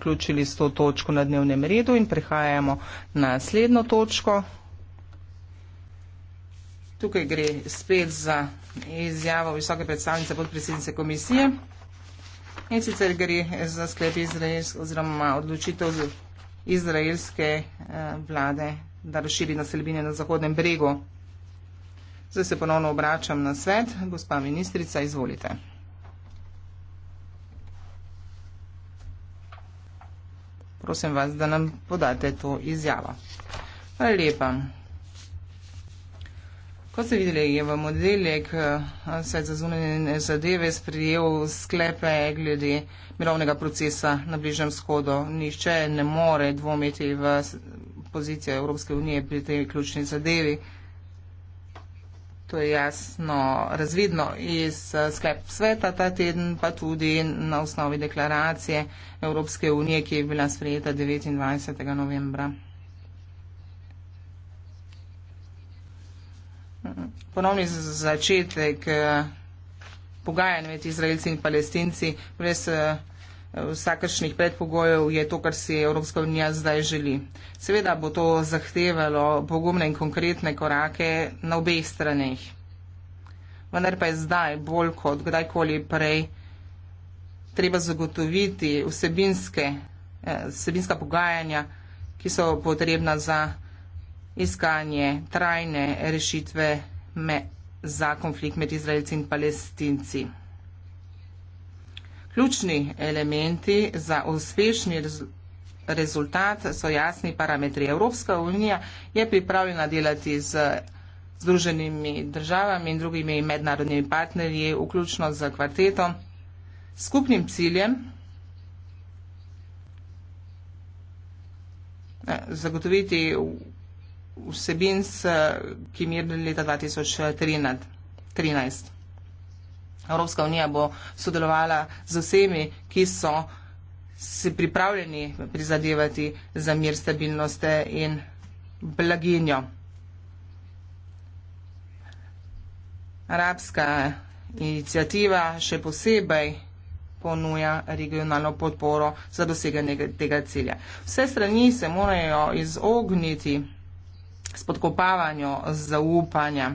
zaključili s to točko na dnevnem redu in prehajamo na naslednjo točko. Tukaj gre spet za izjavo visoke predstavnice podpredsednice komisije. In sicer gre za sklep izraelske oziroma odločitev izraelske eh, vlade, da razširi naselbine na Zahodnem bregu. Zdaj se ponovno obračam na svet. Gospa ministrica, izvolite. Prosim vas, da nam podate to izjavo. Hvala lepa. Kot ste videli, je v modeljek eh, svet za zunanje zadeve sprijel sklepe glede mirovnega procesa na Bližnem shodu. Nišče ne more dvomiti v pozicijo Evropske unije pri tej ključni zadevi. To je jasno razvidno iz eh, sklep sveta ta teden, pa tudi na osnovi deklaracije Evropske unije, ki je bila sprejeta 29. novembra. Ponovni začetek eh, pogajanj med izraelci in palestinci brez eh, vsakršnih predpogojev je to, kar si Evropska unija zdaj želi. Seveda bo to zahtevalo pogumne in konkretne korake na obeh straneh. Vendar pa je zdaj bolj kot kdajkoli prej treba zagotoviti vsebinske, eh, vsebinska pogajanja, ki so potrebna za iskanje trajne rešitve me, za konflikt med Izraelci in Palestinci. Ključni elementi za uspešni rezultat so jasni parametri. Evropska unija je pripravljena delati z združenimi državami in drugimi mednarodnimi partnerji, vključno z kvartetom, skupnim ciljem eh, zagotoviti vsebin, ki mirni leta 2013. Evropska unija bo sodelovala z vsemi, ki so se pripravljeni prizadevati za mir, stabilnost in blaginjo. Arabska inicijativa še posebej ponuja regionalno podporo za doseganje tega cilja. Vse strani se morajo izogniti spodkopavanju zaupanja.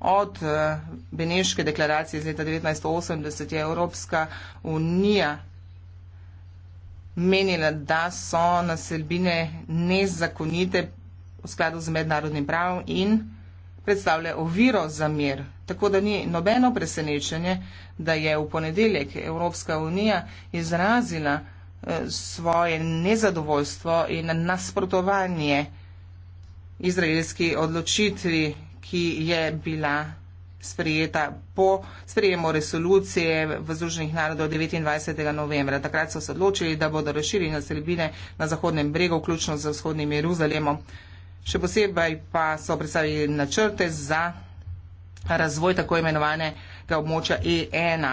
Od eh, Beneške deklaracije iz leta 1980 je Evropska unija menila, da so naselbine nezakonite v skladu z mednarodnim pravom in predstavlja oviro za mir. Tako da ni nobeno presenečenje, da je v ponedeljek Evropska unija izrazila eh, svoje nezadovoljstvo in nasprotovanje izraelski odločitvi ki je bila sprejeta po sprejemu resolucije v Združenih narodov 29. novembra. Takrat so se odločili, da bodo razširili naselbine na Zahodnem bregu, vključno z Vzhodnim Jeruzalemom. Še posebej pa so predstavili načrte za razvoj tako imenovanega območja E1.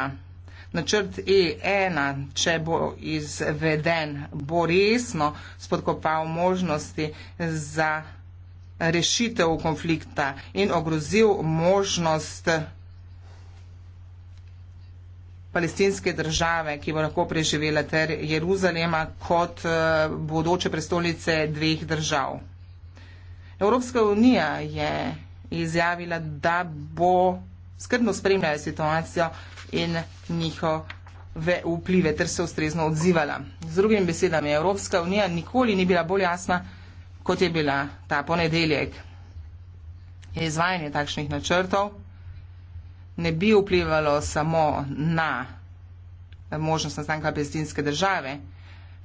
Načrt E1, če bo izveden, bo resno spodkopal možnosti za rešitev konflikta in ogrozil možnost palestinske države, ki bo lahko preživela ter Jeruzalema kot eh, bodoče prestolice dveh držav. Evropska unija je izjavila, da bo skrbno spremljala situacijo in njihove vplive ter se ustrezno odzivala. Z drugim besedami, Evropska unija nikoli ni bila bolj jasna, kot je bila ta ponedeljek. Izvajanje takšnih načrtov ne bi vplivalo samo na možnost nastanka palestinske države,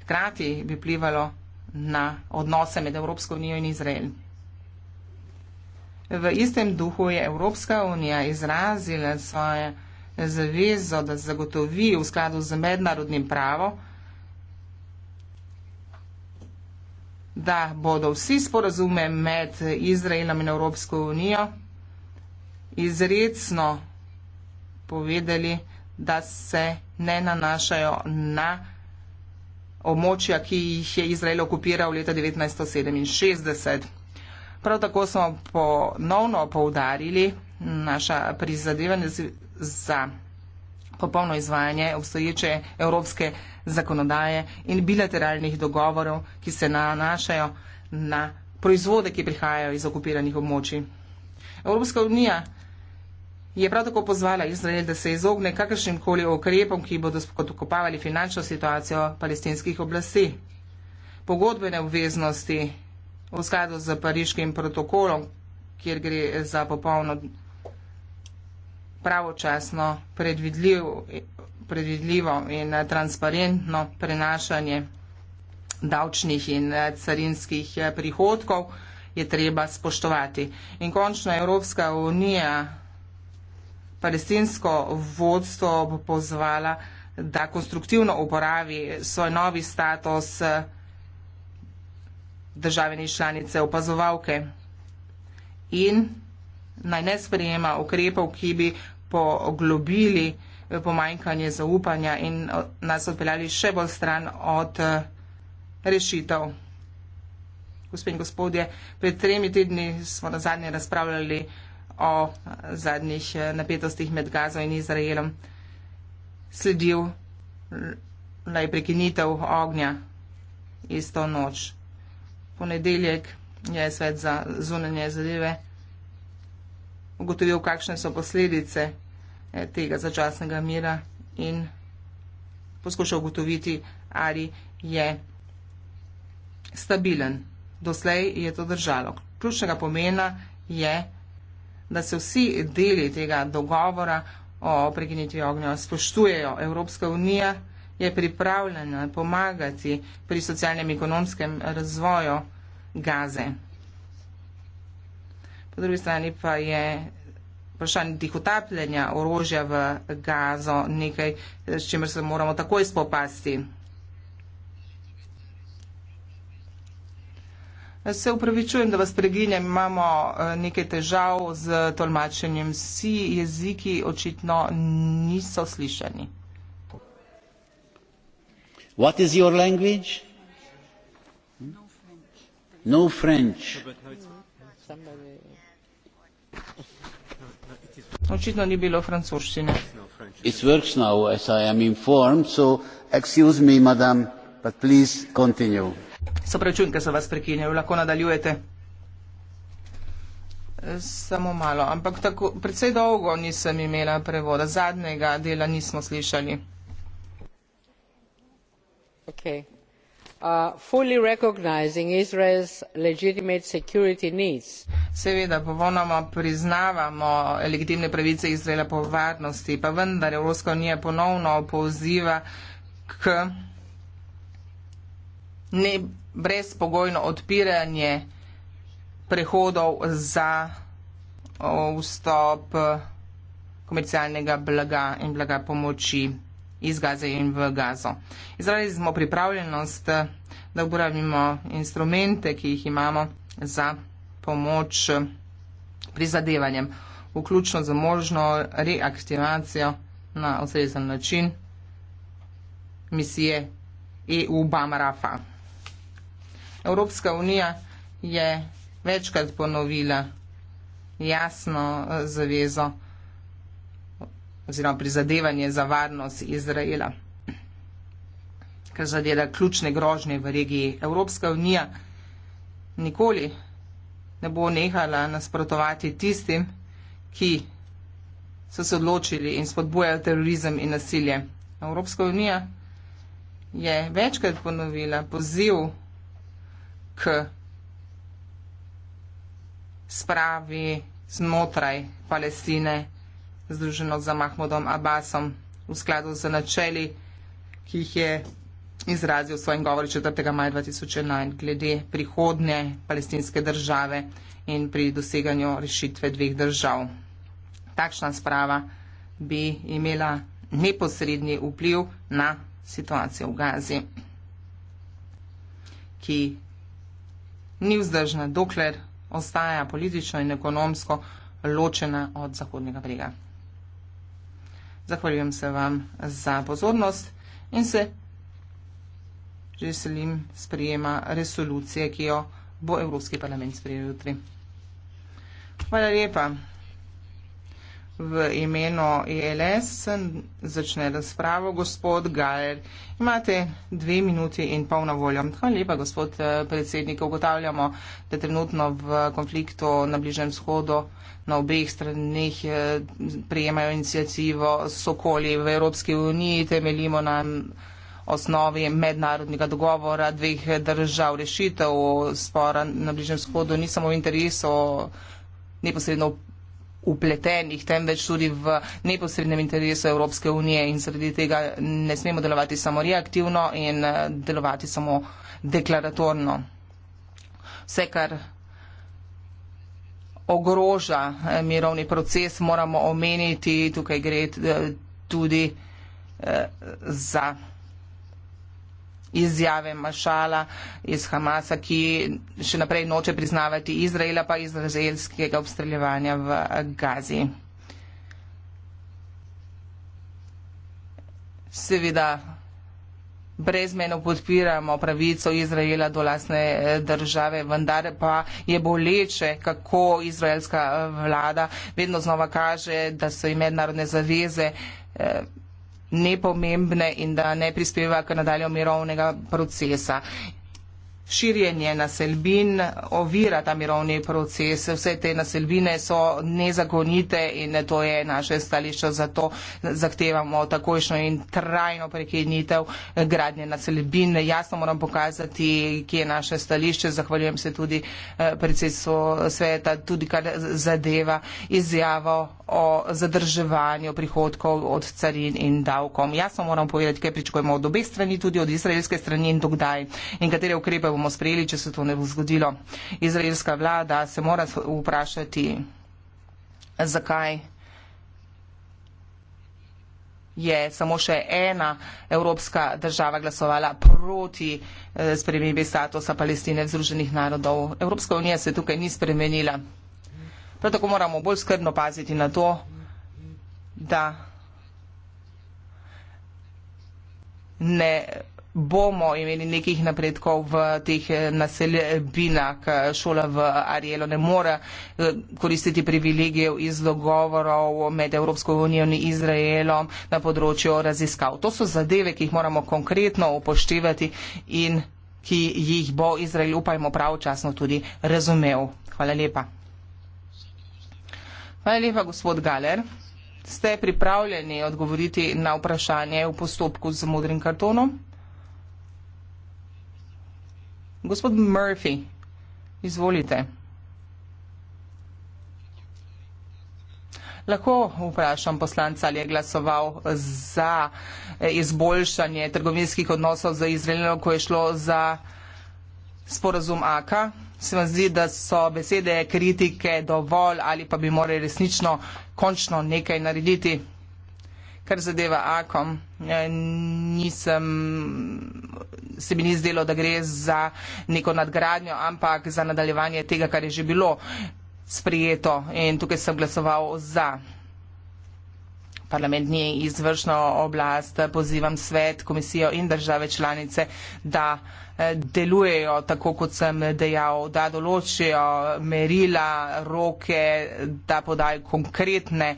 hkrati bi vplivalo na odnose med Evropsko unijo in Izrael. V istem duhu je Evropska unija izrazila svojo zavezo, da zagotovi v skladu z mednarodnim pravom, da bodo vsi sporazume med Izraelom in Evropsko unijo izredno povedali, da se ne nanašajo na območja, ki jih je Izrael okupiral leta 1967. Prav tako smo ponovno poudarili naša prizadevanja za popolno izvajanje obstoječe evropske zakonodaje in bilateralnih dogovorov, ki se nanašajo na proizvode, ki prihajajo iz okupiranih območij. Evropska unija je prav tako pozvala Izrael, da se izogne kakršnim koli ukrepom, ki bodo spodkopavali finančno situacijo palestinskih oblasti. Pogodbene obveznosti v skladu z pariškim protokolom, kjer gre za popolno pravočasno predvidljiv, predvidljivo in eh, transparentno prenašanje davčnih in eh, carinskih eh, prihodkov je treba spoštovati. In končno Evropska unija palestinsko vodstvo bo pozvala, da konstruktivno uporabi svoj novi status državljani članice opazovalke in naj ne sprejema ukrepov, ki bi poglobili eh, pomanjkanje zaupanja in eh, nas odpeljali še bolj stran od eh, rešitev. Gospod in gospodje, pred tremi tedni smo na zadnje razpravljali o zadnjih napetostih med Gazo in Izraelom. Sledil naj prekinitev ognja isto noč. Ponedeljek je svet za zunanje zadeve ugotovil, kakšne so posledice eh, tega začasnega mira in poskušal ugotoviti, ali je stabilen. Doslej je to držalo. Ključnega pomena je, da se vsi deli tega dogovora o prekinitvi ognja spoštujejo. Evropska unija je pripravljena pomagati pri socialnem in ekonomskem razvoju gaze po drugi strani pa je vprašanje dihotapljanja orožja v gazo nekaj, s čimer se moramo takoj spopasti. Se upravičujem, da vas preginjam, imamo nekaj težav z tolmačenjem. Vsi jeziki očitno niso slišani. What is your language? No French. No French. No. Očitno ni bilo francoščine. It's works now, as I am informed, so excuse me, madam, but please continue. Soprečujem, ker sem vas prekinjal, lahko nadaljujete. E, samo malo, ampak tako, predvsej dolgo nisem imela prevoda, zadnjega dela nismo slišali. Okay. Uh, fully recognizing Israel's legitimate security needs. Seveda, povonoma priznavamo legitimne pravice Izraela po varnosti, pa vendar Evropska unija ponovno poziva k ne brezpogojno odpiranje prehodov za vstop komercialnega blaga in blaga pomoči iz Gaze in v Gazo. Izrazili smo pripravljenost, da uporabimo instrumente, ki jih imamo za pomoč eh, prizadevanjem, vključno z možno reaktivacijo na ustrezen način misije EU-BAMRAFA. Evropska unija je večkrat ponovila jasno eh, zavezo oziroma prizadevanje za varnost Izraela, kar zadeva ključne grožnje v regiji. Evropska unija nikoli ne bo nehala nasprotovati tistim, ki so se odločili in spodbujali terorizem in nasilje. Evropska unija je večkrat ponovila poziv k spravi znotraj Palestine združeno z Mahmodom Abbasom v skladu z načeli, ki jih je izrazil v svojem govoru 4. maja 2011 glede prihodnje palestinske države in pri doseganju rešitve dveh držav. Takšna sprava bi imela neposredni vpliv na situacijo v Gazi, ki ni vzdržna, dokler ostaja politično in ekonomsko ločena od Zahodnega brega. Zahvaljujem se vam za pozornost in se že veselim sprejema resolucije, ki jo bo Evropski parlament sprejel jutri. Hvala lepa. V imenu ELS začne razpravo gospod Gajer. Imate dve minuti in pol na voljo. Hvala lepa, gospod eh, predsednik. Ugotavljamo, da trenutno v konfliktu na Bližnem shodu na obeh stranih eh, prejemajo inicijativo Sokoli v Evropski uniji. Temeljimo na osnovi mednarodnega dogovora dveh držav rešitev spora na Bližnjem vzhodu ni samo v interesu neposredno upletenih, temveč tudi v neposrednem interesu Evropske unije in zaradi tega ne smemo delovati samo reaktivno in eh, delovati samo deklaratorno. Vse, kar ogroža eh, mirovni proces, moramo omeniti, tukaj gre eh, tudi za izjave Mašala iz Hamasa, ki še naprej noče priznavati Izraela pa izraelskega obstreljevanja v Gazi. Seveda, brezmeno podpiramo pravico Izraela do lasne eh, države, vendar pa je boleče, kako izraelska eh, vlada vedno znova kaže, da so jim mednarodne zaveze. Eh, nepomembne in da ne prispeva k nadaljo mirovnega procesa. Širjenje naselbin ovira ta mirovni proces. Vse te naselbine so nezakonite in to je naše stališče. Zato zahtevamo takojšno in trajno prekinitev gradnje naselbin. Jasno moram pokazati, kje je naše stališče. Zahvaljujem se tudi eh, predsedstvu sveta, tudi kar zadeva izjavo o zadrževanju prihodkov od carin in davkom. Jasno moram povedati, kaj pričakujemo od obe strani, tudi od izraelske strani in dokdaj. In katere ukrepe bomo bomo sprejeli, če se to ne bo zgodilo. Izraelska vlada se mora vprašati, zakaj je samo še ena evropska država glasovala proti eh, spremembi statusa Palestine v Združenih narodov. Evropska unija se tukaj ni spremenila. Prav tako moramo bolj skrbno paziti na to, da ne bomo imeli nekih napredkov v teh eh, naselbinah. Šola v Arielu ne more eh, koristiti privilegijev iz dogovorov med Evropsko unijo in Izraelom na področju raziskav. To so zadeve, ki jih moramo konkretno upoštevati in ki jih bo Izrael, upajmo, pravočasno tudi razumev. Hvala lepa. Hvala lepa, gospod Galer. Ste pripravljeni odgovoriti na vprašanje v postopku z modrim kartonom? Gospod Murphy, izvolite. Lahko vprašam poslanca, ali je glasoval za eh, izboljšanje trgovinskih odnosov za Izraelino, ko je šlo za sporazum AKA. Se vam zdi, da so besede kritike dovolj ali pa bi morali resnično končno nekaj narediti? kar zadeva Akom, ja, nisem, se mi ni zdelo, da gre za neko nadgradnjo, ampak za nadaljevanje tega, kar je že bilo sprijeto in tukaj sem glasoval za. Parlament ni izvršno oblast, pozivam svet, komisijo in države članice, da eh, delujejo tako, kot sem dejal, da določijo merila, roke, da podajo konkretne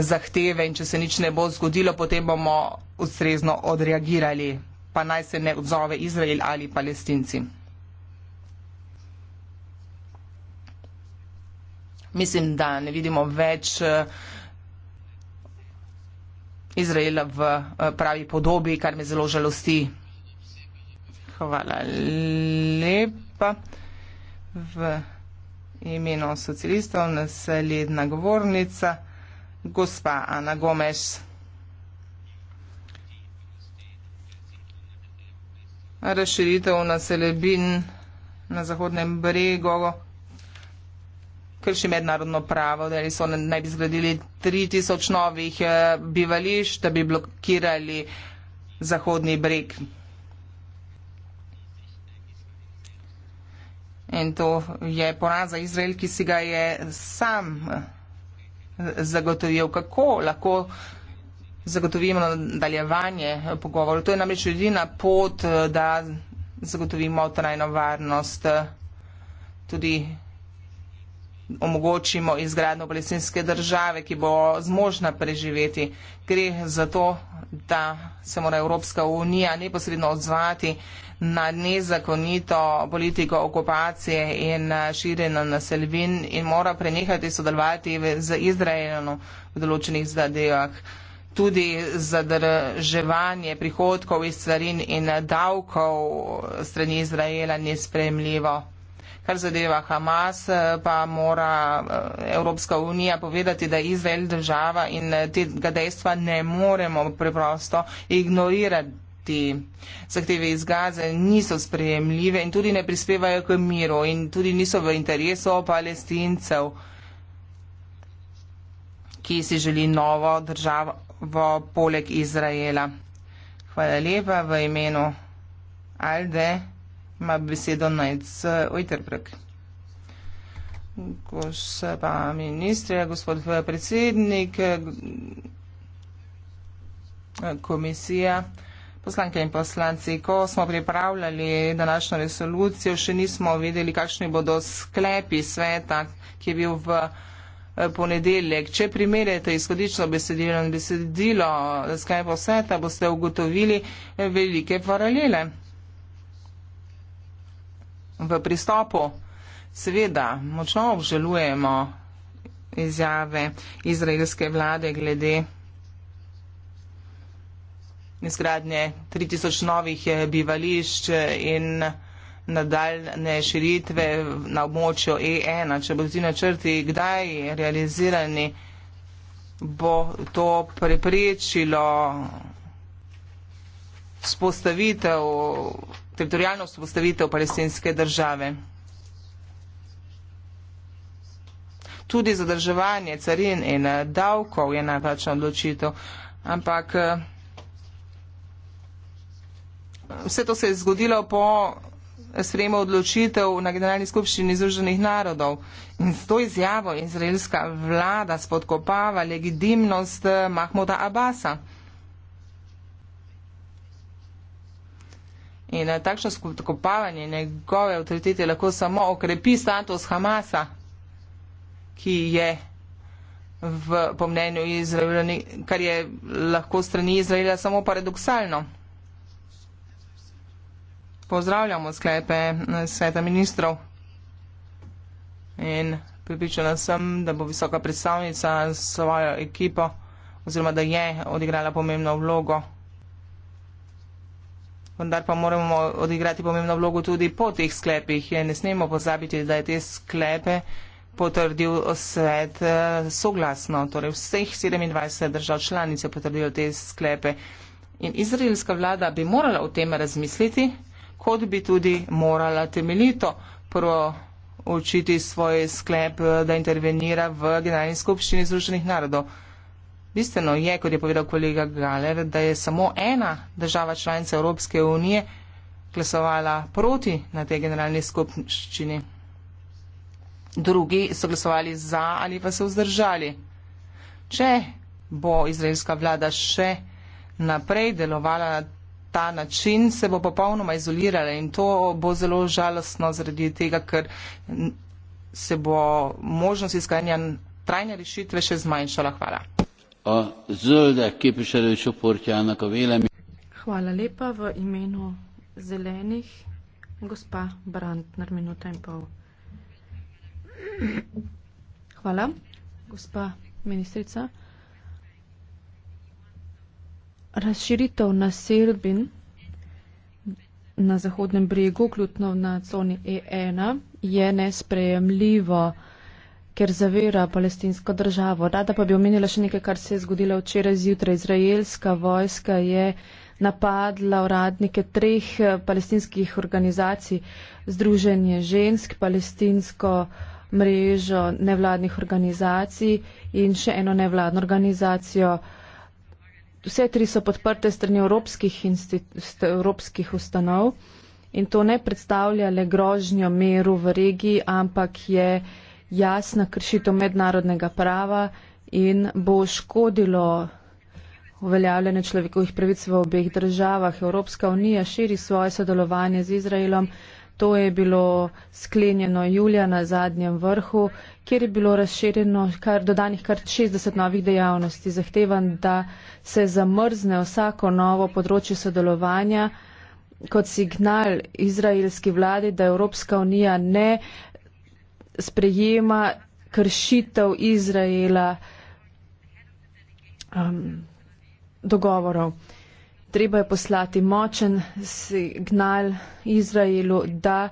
zahteve in če se nič ne bo zgodilo, potem bomo ustrezno odreagirali, pa naj se ne odzove Izrael ali palestinci. Mislim, da ne vidimo več eh, Izraela v eh, pravi podobi, kar me zelo žalosti. Hvala lepa. V imenu socialistov naslednja govornica gospa Ana Gomes. Razširitev na Selebin, na Zahodnem bregu, krši mednarodno pravo, da so naj bi zgradili 3000 novih eh, bivališč, da bi blokirali Zahodni breg. In to je poraza Izrael, ki si ga je sam eh, zagotovijo, kako lahko zagotovimo nadaljevanje pogovorov. To je namreč edina pot, da zagotovimo trajno varnost, tudi omogočimo izgradno palestinske države, ki bo zmožna preživeti. Gre za to, da se mora Evropska unija neposredno odzvati na nezakonito politiko okupacije in eh, širjenja naselbin in mora prenehati sodelovati z Izraelom v določenih zadevah. Tudi zadrževanje prihodkov iz carin in eh, davkov eh, strani Izraela ni spremljivo. Kar zadeva Hamas, pa mora Evropska unija povedati, da je Izrael država in tega dejstva ne moremo preprosto ignorirati te zahteve iz Gaze niso sprejemljive in tudi ne prispevajo k miru in tudi niso v interesu palestincev, ki si želi novo državo poleg Izraela. Hvala lepa v imenu Alde, ima besedo Najc Ojterbrg. Gospa ministrija, gospod predsednik, komisija. Poslanke in poslanci, ko smo pripravljali današnjo resolucijo, še nismo vedeli, kakšni bodo sklepi sveta, ki je bil v eh, ponedeljek. Če primerjate izhodično besedilo in besedilo sklepov sveta, boste ugotovili eh, velike paralele. V pristopu seveda močno obžalujemo izjave izraelske vlade glede izgradnje 3000 novih eh, bivališč eh, in nadaljne širitve na območju E1. Če bodo ti načrti kdaj realizirani, bo to preprečilo spostavitev, teritorijalno spostavitev palestinske države. Tudi zadrževanje carin in eh, davkov je najplačna odločitev, ampak Vse to se je zgodilo po sprejemu odločitev na generalni skupščini Združenih narodov. In s to izjavo izraelska vlada spodkopava legitimnost eh, Mahmuda Abasa. In eh, takšno spodkopavanje njegove avtoritete lahko samo okrepi status Hamasa, ki je v pomnenju Izraela, kar je lahko strani Izraela samo paradoksalno pozdravljamo sklepe eh, sveta ministrov. In pripričana sem, da bo visoka predstavnica svojo ekipo oziroma da je odigrala pomembno vlogo. Vendar pa moramo odigrati pomembno vlogo tudi po teh sklepih. Ne smemo pozabiti, da je te sklepe potrdil svet eh, soglasno. Torej vseh 27 držav članice potrdilo te sklepe. In izraelska vlada bi morala o tem razmisliti kot bi tudi morala temeljito proučiti svoj sklep, da intervenira v Generalni skupščini Združenih narodov. Bistveno je, kot je povedal kolega Galer, da je samo ena država članica Evropske unije glasovala proti na tej Generalni skupščini. Drugi so glasovali za ali pa so vzdržali. Če bo izraelska vlada še naprej delovala ta način, se bo popolnoma izolirala in to bo zelo žalostno zaradi tega, ker se bo možnost iskanja trajne rešitve še zmanjšala. Hvala. Hvala lepa v imenu zelenih. Gospa Brantner, minuta in pol. Hvala. Gospa ministrica razširitev na Serbin na Zahodnem bregu, vključno na coni E1, je nesprejemljivo, ker zavira palestinsko državo. Rada pa bi omenila še nekaj, kar se je zgodilo včeraj zjutraj. Izraelska vojska je napadla uradnike treh eh, palestinskih organizacij, Združenje žensk, palestinsko mrežo nevladnih organizacij in še eno nevladno organizacijo. Vse tri so podprte strani evropskih, evropskih ustanov in to ne predstavlja le grožnjo meru v regiji, ampak je jasna kršitev mednarodnega prava in bo škodilo uveljavljanje človekovih pravic v obeh državah. Evropska unija širi svoje sodelovanje z Izraelom, To je bilo sklenjeno julija na zadnjem vrhu, kjer je bilo razširjeno kar dodanih kar 60 novih dejavnosti. Zahtevam, da se zamrzne vsako novo področje sodelovanja kot signal izraelski vladi, da Evropska unija ne sprejema kršitev Izraela um, dogovorov treba je poslati močen signal Izraelu, da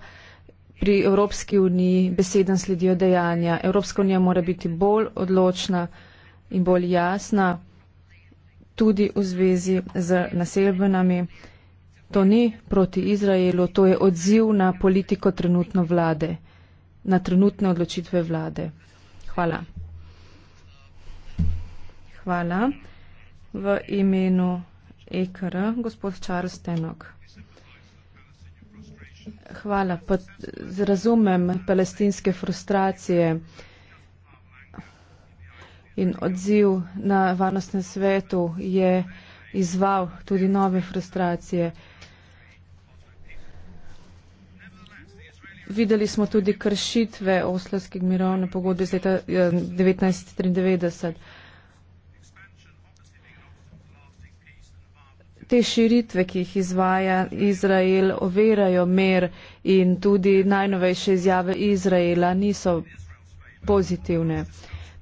pri Evropski uniji besedem sledijo dejanja. Evropska unija mora biti bolj odločna in bolj jasna, tudi v zvezi z naselbenami. To ni proti Izraelu, to je odziv na politiko trenutno vlade, na trenutne odločitve vlade. Hvala. Hvala. V imenu. EKR, gospod Charles Tenok. Hvala. Pa razumem palestinske frustracije in odziv na varnostnem svetu je izval tudi nove frustracije. Videli smo tudi kršitve oslovskih mirovne pogodbe iz leta 1993. Eh, te širitve, ki jih izvaja Izrael, overajo mer in tudi najnovejše izjave Izraela niso pozitivne.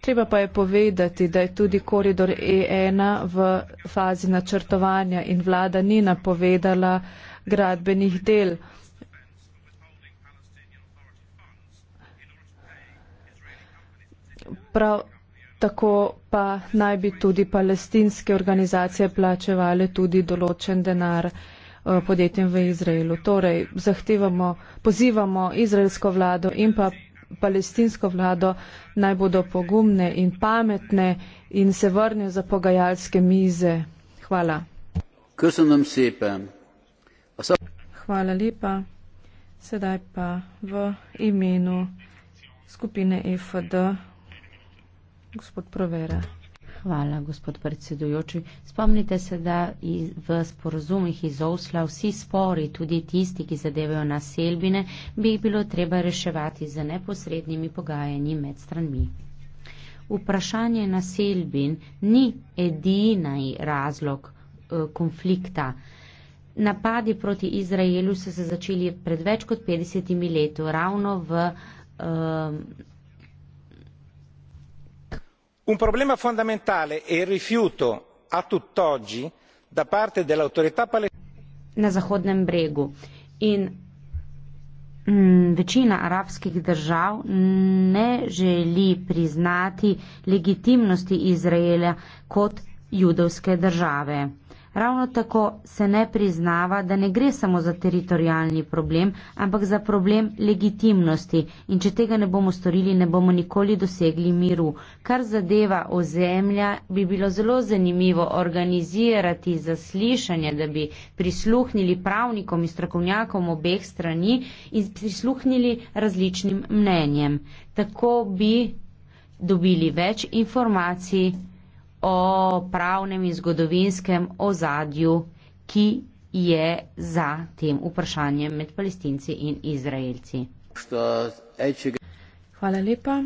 Treba pa je povedati, da je tudi koridor E1 v fazi načrtovanja in vlada ni napovedala gradbenih del. Prav tako pa naj bi tudi palestinske organizacije plačevale tudi določen denar eh, podjetjem v Izraelu. Torej, zahtevamo, pozivamo izraelsko vlado in pa palestinsko vlado naj bodo pogumne in pametne in se vrnejo za pogajalske mize. Hvala. Hvala lepa. Sedaj pa v imenu skupine EFD Gospod Provera. Hvala, gospod predsedujoči. Spomnite se, da v sporozumih iz Osla vsi spori, tudi tisti, ki zadevajo naselbine, bi jih bilo treba reševati z neposrednimi pogajanji med stranmi. Vprašanje naselbin ni edinaj razlog eh, konflikta. Napadi proti Izraelu so se začeli pred več kot 50 leti, ravno v um, un problema fondamentale è il rifiuto a tutt'oggi da parte dell'autorità palestinese mm, Večina arabskih držav ne želi priznati legitimnosti Izraela kot judovske države. Ravno tako se ne priznava, da ne gre samo za teritorijalni problem, ampak za problem legitimnosti in če tega ne bomo storili, ne bomo nikoli dosegli miru. Kar zadeva ozemlja, bi bilo zelo zanimivo organizirati zaslišanje, da bi prisluhnili pravnikom in strokovnjakom obeh strani in prisluhnili različnim mnenjem. Tako bi dobili več informacij o pravnem in zgodovinskem ozadju, ki je za tem vprašanjem med palestinci in izraelci. Hvala lepa.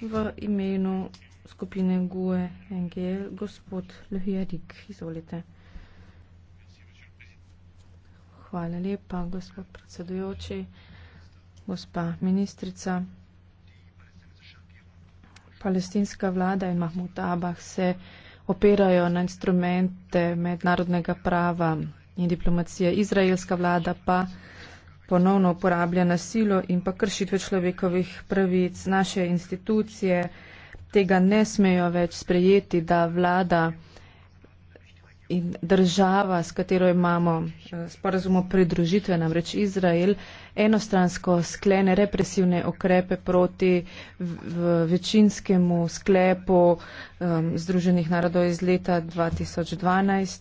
V imenu skupine GUE NGL, gospod Lehijadik, izvolite. Hvala lepa, gospod predsedujoči, gospa ministrica palestinska vlada in Mahmud Abah se opirajo na instrumente mednarodnega prava in diplomacije. Izraelska vlada pa ponovno uporablja nasilo in pa kršitve človekovih pravic. Naše institucije tega ne smejo več sprejeti, da vlada in država, s katero imamo eh, sporazum o pridružitve, namreč Izrael, enostransko sklene represivne okrepe proti večinskemu sklepu um, Združenih narodov iz leta 2012,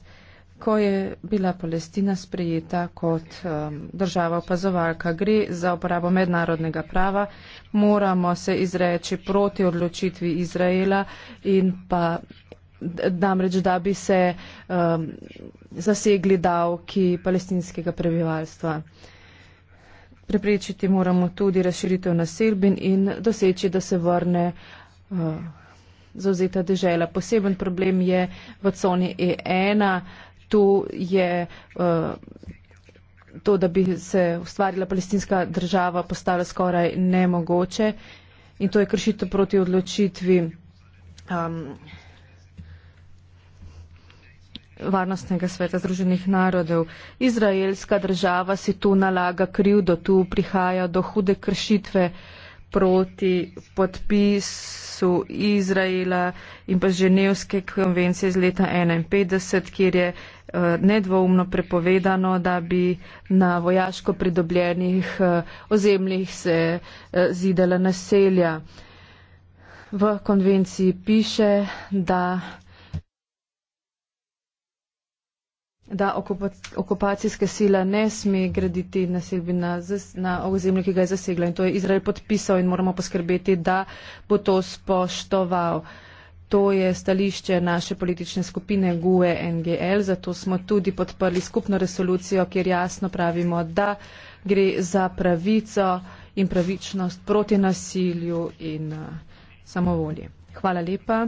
ko je bila Palestina sprejeta kot um, država opazovalka. Gre za uporabo mednarodnega prava, moramo se izreči proti odločitvi Izraela in pa namreč, da bi se um, zasegli davki palestinskega prebivalstva. Preprečiti moramo tudi razširitev naselbin in doseči, da se vrne uh, zauzeta dežela. Poseben problem je v coni E1. To je uh, to, da bi se ustvarila palestinska država, postala skoraj nemogoče. In to je kršitev proti odločitvi. Um, Varnostnega sveta Združenih narodov. Izraelska država si tu nalaga krivdo, tu prihaja do hude kršitve proti podpisu Izraela in pa Ženevske konvencije iz leta 1951, kjer je eh, nedvoumno prepovedano, da bi na vojaško pridobljenih eh, ozemljih se eh, zidala naselja. V konvenciji piše, da da okupacijske sile ne sme graditi naselbi na, na ozemlju, ki ga je zasegla. In to je Izrael podpisal in moramo poskrbeti, da bo to spoštoval. To je stališče naše politične skupine GUE NGL, zato smo tudi podprli skupno resolucijo, kjer jasno pravimo, da gre za pravico in pravičnost proti nasilju in uh, samovolji. Hvala lepa,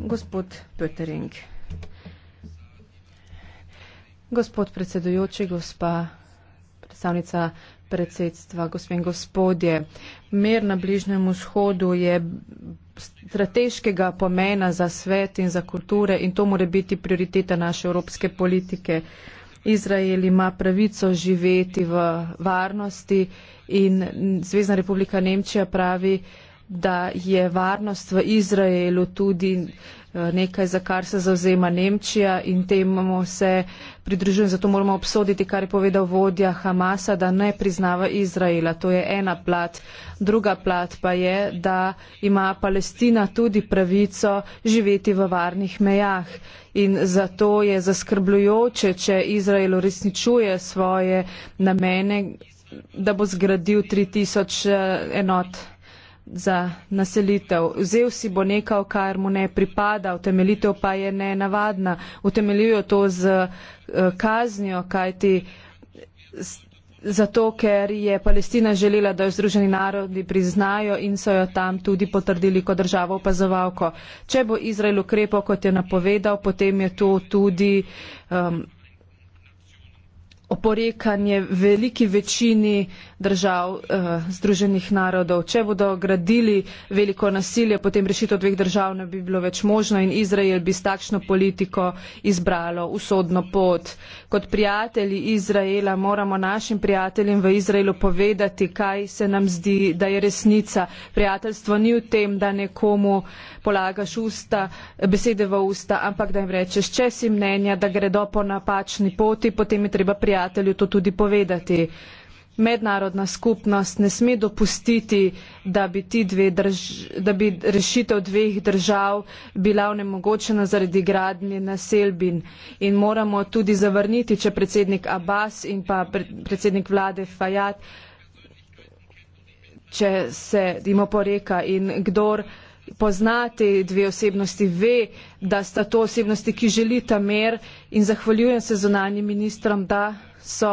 gospod Pötering. Gospod predsedujoči, gospa predstavnica predsedstva, gospe in gospodje, mer na Bližnjem vzhodu je strateškega pomena za svet in za kulture in to more biti prioriteta naše evropske politike. Izrael ima pravico živeti v varnosti in Zvezdna republika Nemčija pravi, da da je varnost v Izraelu tudi eh, nekaj, za kar se zauzema Nemčija in temu se pridružujem, zato moramo obsoditi, kar je povedal vodja Hamasa, da ne priznava Izraela. To je ena plat. Druga plat pa je, da ima Palestina tudi pravico živeti v varnih mejah. In zato je zaskrbljujoče, če Izrael uresničuje svoje namene, da bo zgradil 3000 eh, enot za naselitev. Vzel si bo nekaj, kar mu ne pripada, utemelitev pa je nenavadna. Utemeljujo to z eh, kaznjo, kajti zato, ker je Palestina želela, da jo Združeni narodi priznajo in so jo tam tudi potrdili kot državo opazovalko. Če bo Izrael ukrepal, kot je napovedal, potem je to tudi. Um, oporekanje veliki večini držav eh, Združenih narodov. Če bodo gradili veliko nasilje, potem rešitev dveh držav ne bi bilo več možno in Izrael bi s takšno politiko izbralo usodno pot. Kot prijatelji Izraela moramo našim prijateljem v Izraelu povedati, kaj se nam zdi, da je resnica. Prijateljstvo ni v tem, da nekomu polagaš usta, besede v usta, ampak da jim rečeš, če si mnenja, da gredo po napačni poti, potem je treba prijateljstvo prijatelju to tudi povedati. Mednarodna skupnost ne sme dopustiti, da bi, drž da bi rešitev dveh držav bila onemogočena zaradi gradnje naselbin in moramo tudi zavrniti, če predsednik Abbas in pa pre predsednik vlade Fajat, če se jim oporeka in kdor pozna te dve osebnosti, ve, da sta to osebnosti, ki želita mer in zahvaljujem se zonanjim ministrom, da so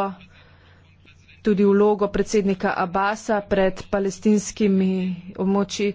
tudi vlogo predsednika Abasa pred palestinskimi območji.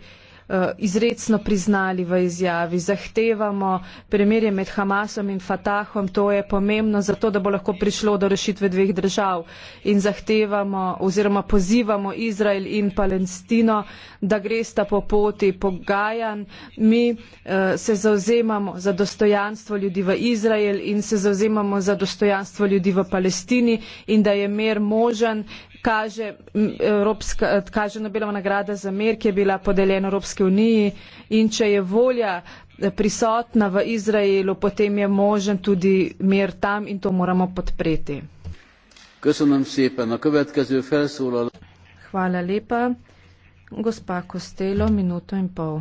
Eh, izredno priznali v izjavi. Zahtevamo premirje med Hamasom in Fatahom, to je pomembno zato, da bo lahko prišlo do rešitve dveh držav. In zahtevamo oziroma pozivamo Izrael in Palestino, da gresta po poti pogajanj. Mi eh, se zauzemamo za dostojanstvo ljudi v Izrael in se zauzemamo za dostojanstvo ljudi v Palestini in da je mer možen kaže, Evropska, kaže Nobelova nagrada za mir, ki je bila podeljena Evropske uniji in če je volja eh, prisotna v Izraelu, potem je možen tudi mir tam in to moramo podpreti. Hvala lepa. Gospa Kostelo, minuto in pol.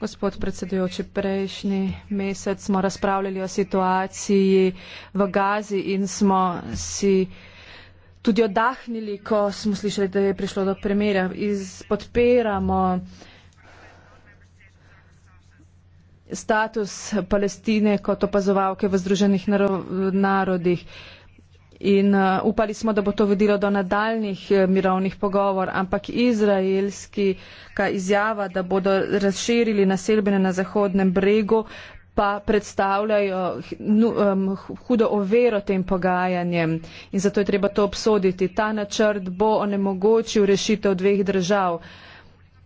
Gospod predsedujoči, prejšnji mesec smo razpravljali o situaciji v Gazi in smo si tudi odahnili, ko smo slišali, da je prišlo do premjera. Podpiramo status Palestine kot opazovalke v Združenih narodih. In uh, upali smo, da bo to vodilo do nadaljnih uh, eh, mirovnih pogovor, ampak izraelski izjava, da bodo razširili naselbene na Zahodnem bregu, pa predstavljajo hudo overo tem pogajanjem in zato je treba to obsoditi. Ta načrt bo onemogočil rešitev dveh držav.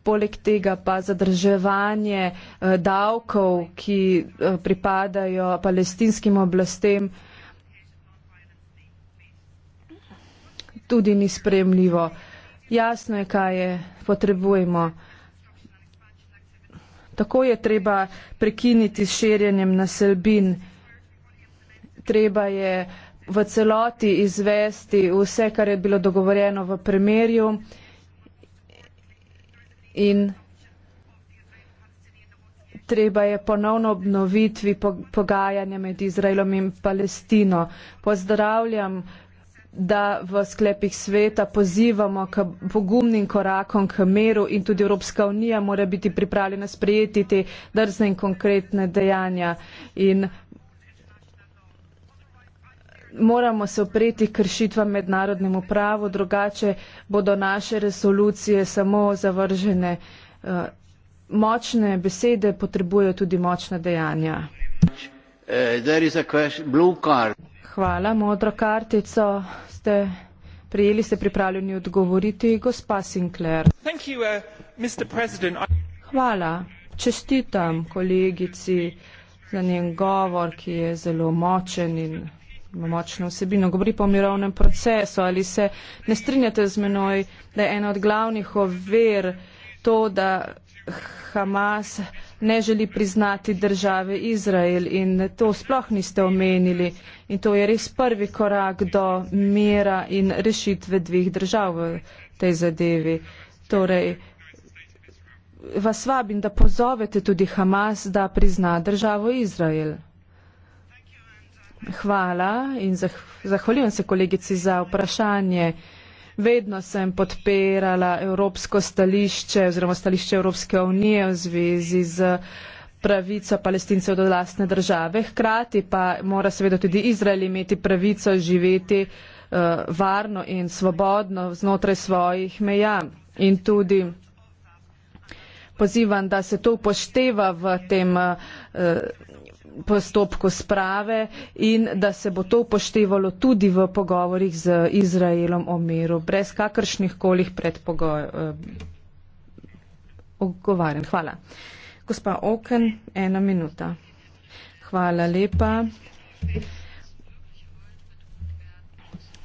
Poleg tega pa zadrževanje eh, davkov, ki eh, pripadajo palestinskim oblastem, tudi ni spremljivo. Jasno je, kaj je potrebujemo. Tako je treba prekiniti s širjenjem naselbin. Treba je v celoti izvesti vse, kar je bilo dogovorjeno v premerju in treba je ponovno obnovitvi pogajanja med Izraelom in Palestino. Pozdravljam da v sklepih sveta pozivamo k pogumnim korakom k miru in tudi Evropska unija mora biti pripravljena sprejeti te drzne in konkretne dejanja. In moramo se opreti kršitvam mednarodnemu pravu, drugače bodo naše resolucije samo zavržene. Eh, močne besede potrebujejo tudi močna dejanja. Uh, Hvala. Modro kartico ste prijeli, ste pripravljeni odgovoriti. Gospa Sinclair. You, uh, I... Hvala. Čestitam kolegici za njen govor, ki je zelo močen in ima močno vsebino. Govori po mirovnem procesu. Ali se ne strinjate z menoj, da je ena od glavnih ovir to, da Hamas ne želi priznati države Izrael in to sploh niste omenili. In to je res prvi korak do mera in rešitve dveh držav v tej zadevi. Torej, vas vabim, da pozovete tudi Hamas, da prizna državo Izrael. Hvala in zahvaljujem se kolegici za vprašanje. Vedno sem podpirala evropsko stališče oziroma stališče Evropske unije v zvezi z pravico palestincev do lastne države. Hkrati pa mora seveda tudi Izrael imeti pravico živeti uh, varno in svobodno znotraj svojih meja. In tudi pozivam, da se to upošteva v tem. Uh, postopku sprave in da se bo to upoštevalo tudi v pogovorih z Izraelom o miru, brez kakršnih kolih predpogojev. Eh, Hvala. Gospa Oken, ena minuta. Hvala lepa.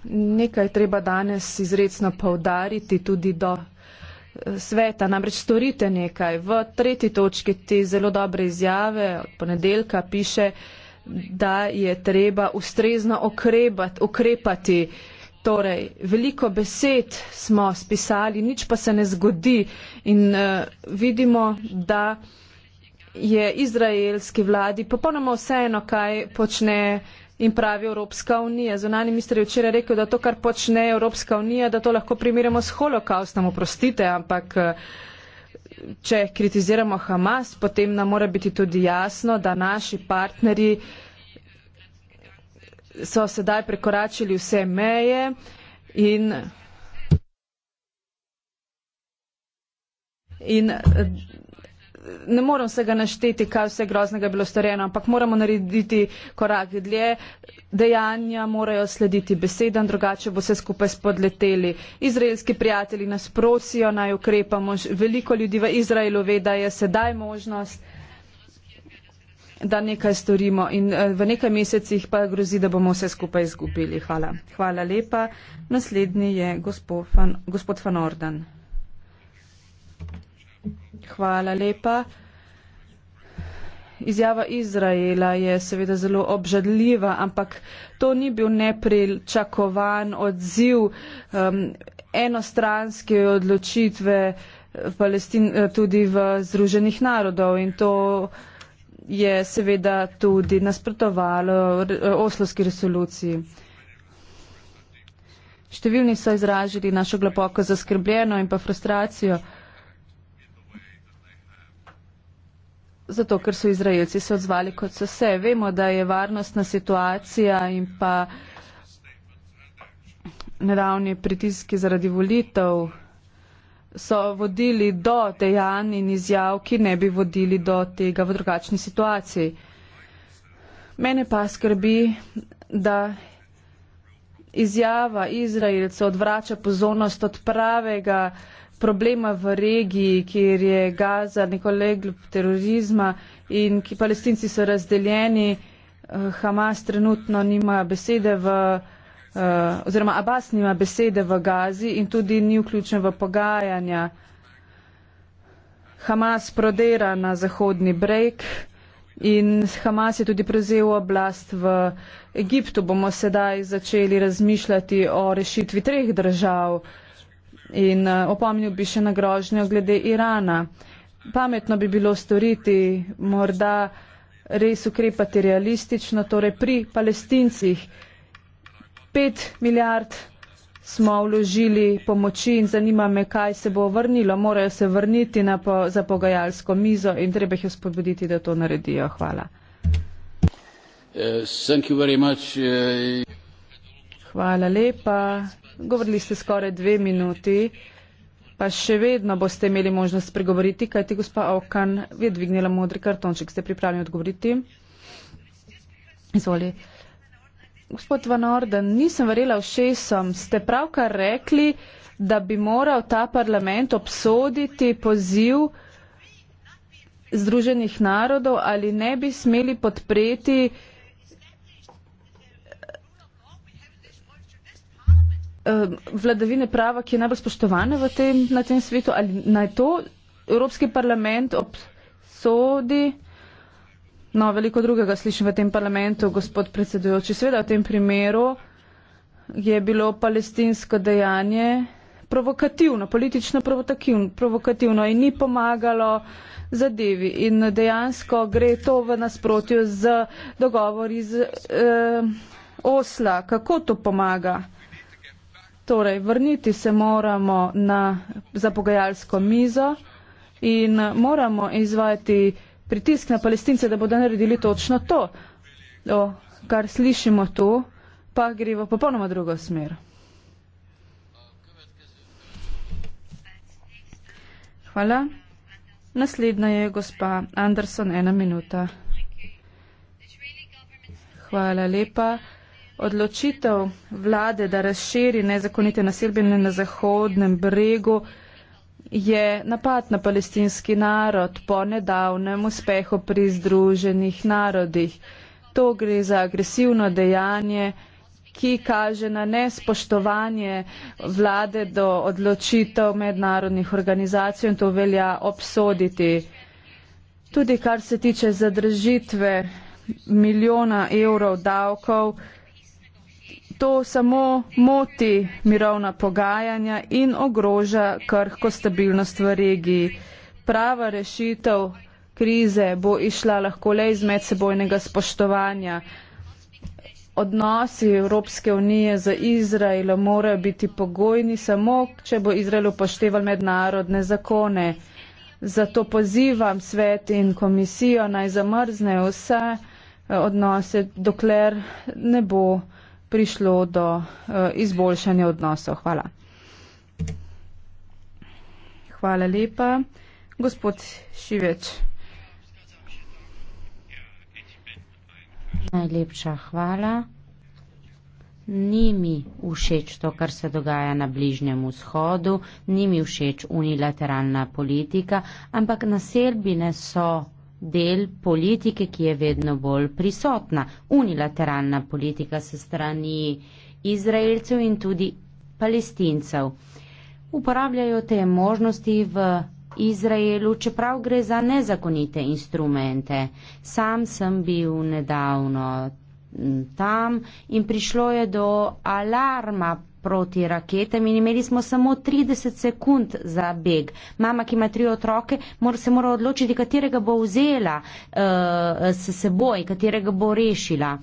Nekaj treba danes izredno povdariti tudi do sveta, namreč storite nekaj. V tretji točki te zelo dobre izjave od ponedeljka piše, da je treba ustrezno okrebat, okrepati. Torej, veliko besed smo spisali, nič pa se ne zgodi in uh, vidimo, da je izraelski vladi popolnoma vseeno, kaj počne in pravi Evropska unija. Zunani minister je včeraj rekel, da to, kar počne Evropska unija, da to lahko primerjamo s holokaustom, oprostite, ampak eh, če kritiziramo Hamas, potem nam mora biti tudi jasno, da naši partnerji so sedaj prekoračili vse meje in. in ne morem vsega našteti, kaj vse groznega je bilo storjeno, ampak moramo narediti korak dlje, dejanja morajo slediti besedam, drugače bo vse skupaj spodleteli. Izraelski prijatelji nas prosijo, naj ukrepamo, veliko ljudi v Izraelu ve, da je sedaj možnost, da nekaj storimo in eh, v nekaj mesecih pa grozi, da bomo vse skupaj izgubili. Hvala. Hvala lepa. Naslednji je gospod Van Orden. Gospod Hvala lepa. Izjava Izraela je seveda zelo obžadljiva, ampak to ni bil nepričakovan odziv um, enostranske odločitve eh, Palestin, eh, tudi v Združenih narodov in to je seveda tudi nasprotovalo eh, oslovski resoluciji. Številni so izražili našo globoko zaskrbljeno in pa frustracijo. Zato, ker so Izraelci se odzvali kot so se. Vemo, da je varnostna situacija in pa nedavni pritiski zaradi volitev so vodili do dejanj in izjav, ki ne bi vodili do tega v drugačni situaciji. Mene pa skrbi, da izjava Izraelca odvrača pozornost od pravega problema v regiji, kjer je Gaza nekoleglo terorizma in ki palestinci so razdeljeni. Eh, Hamas trenutno nima besede v, eh, oziroma Abbas nima besede v Gazi in tudi ni vključen v pogajanja. Hamas prodera na zahodni breg in Hamas je tudi prevzel oblast v Egiptu. Bomo sedaj začeli razmišljati o rešitvi treh držav. In eh, opomnil bi še na grožnjo glede Irana. Pametno bi bilo storiti, morda res ukrepati realistično, torej pri palestincih. Pet milijard smo vložili pomoči in zanima me, kaj se bo vrnilo. Morajo se vrniti na po, za pogajalsko mizo in treba jih spodbuditi, da to naredijo. Hvala. Uh, Hvala lepa govorili ste skoraj dve minuti, pa še vedno boste imeli možnost pregovoriti, kaj ti gospa Okan je dvignila modri kartonček. Ste pripravljeni odgovoriti? Izvoli. Gospod Van Orden, nisem verjela v šesom. Ste pravkar rekli, da bi moral ta parlament obsoditi poziv Združenih narodov ali ne bi smeli podpreti Eh, vladavine prava, ki je najbolj spoštovana v tem, na tem svetu, ali naj to Evropski parlament obsodi. No, veliko drugega slišim v tem parlamentu, gospod predsedujoči. Sveda v tem primeru je bilo palestinsko dejanje provokativno, politično provokativno in ni pomagalo zadevi. In dejansko gre to v nasprotju z dogovori z eh, Osla. Kako to pomaga? Torej, vrniti se moramo na zapogajalsko mizo in moramo izvajati pritisk na palestince, da bodo naredili točno to, o, kar slišimo tu, pa gre v popolnoma drugo smer. Hvala. Naslednja je gospa Anderson, ena minuta. Hvala lepa odločitev vlade, da razširi nezakonite naselbine na Zahodnem bregu, je napad na palestinski narod po nedavnem uspehu pri Združenih narodih. To gre za agresivno dejanje ki kaže na nespoštovanje vlade do odločitev mednarodnih organizacij in to velja obsoditi. Tudi kar se tiče zadržitve milijona evrov davkov, to samo moti mirovna pogajanja in ogroža krhko stabilnost v regiji. Prava rešitev krize bo išla lahko le iz medsebojnega spoštovanja. Odnosi Evropske unije za Izraela morajo biti pogojni samo, če bo Izrael upošteval mednarodne zakone. Zato pozivam svet in komisijo naj zamrzne vse odnose, dokler ne bo uh, prišlo do uh, izboljšanja odnosov. Hvala. Hvala lepa. Gospod Šiveč. Najlepša hvala. Ni mi všeč to, kar se dogaja na Bližnjem vzhodu, ni mi všeč unilateralna politika, ampak naselbine so del politike, ki je vedno bolj prisotna, unilateralna politika se strani Izraelcev in tudi palestincev. Uporabljajo te možnosti v Izraelu, čeprav gre za nezakonite instrumente. Sam sem bil nedavno tam in prišlo je do alarma proti raketam in imeli smo samo 30 sekund za beg. Mama, ki ima tri otroke, mora, se mora odločiti, katerega bo vzela uh, s seboj, katerega bo rešila.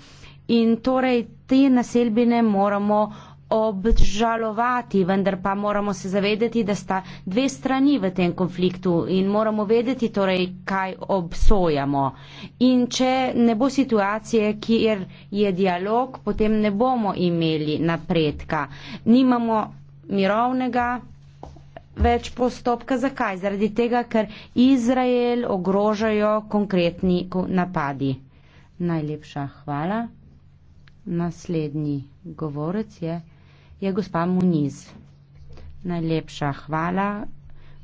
In torej te naselbine moramo obžalovati, vendar pa moramo se zavedati, da sta dve strani v tem konfliktu in moramo vedeti torej, kaj obsojamo. In če ne bo situacije, kjer je dialog, potem ne bomo imeli napredka. Nimamo mirovnega več postopka. Zakaj? Zaradi tega, ker Izrael ogrožajo konkretni napadi. Najlepša hvala. Naslednji govorec je je gospa Muniz. Najlepša hvala.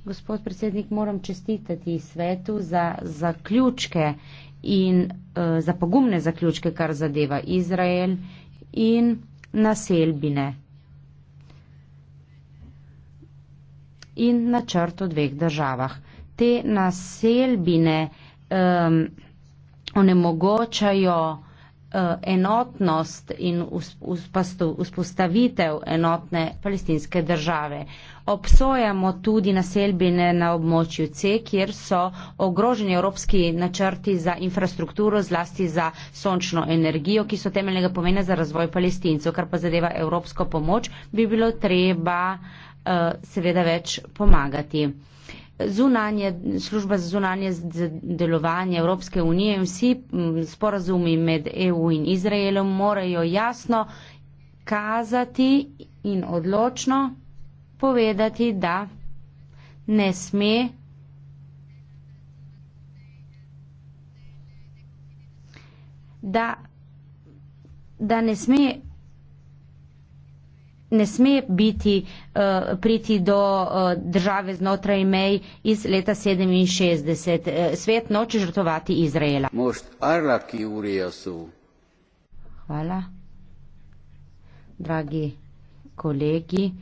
Gospod predsednik, moram čestitati svetu za zaključke in uh, za pogumne zaključke, kar zadeva Izrael in naselbine in načrt o dveh državah. Te naselbine um, onemogočajo uh, Eh, enotnost in vzpostavitev enotne palestinske države. Obsojamo tudi naselbine na območju C, kjer so ogroženi evropski načrti za infrastrukturo, zlasti za sončno energijo, ki so temeljnega pomena za razvoj palestincev. Kar pa zadeva evropsko pomoč, bi bilo treba uh, seveda več pomagati. Uh, zunanje, služba za zunanje delovanje Evropske unije in vsi sporazumi med EU in Izraelom morajo jasno kazati in odločno povedati, da ne sme da, da ne sme ne sme biti, eh, priti do eh, države znotraj mej iz leta 67. Eh, svet noče žrtovati Izraela. Hvala, dragi kolegi.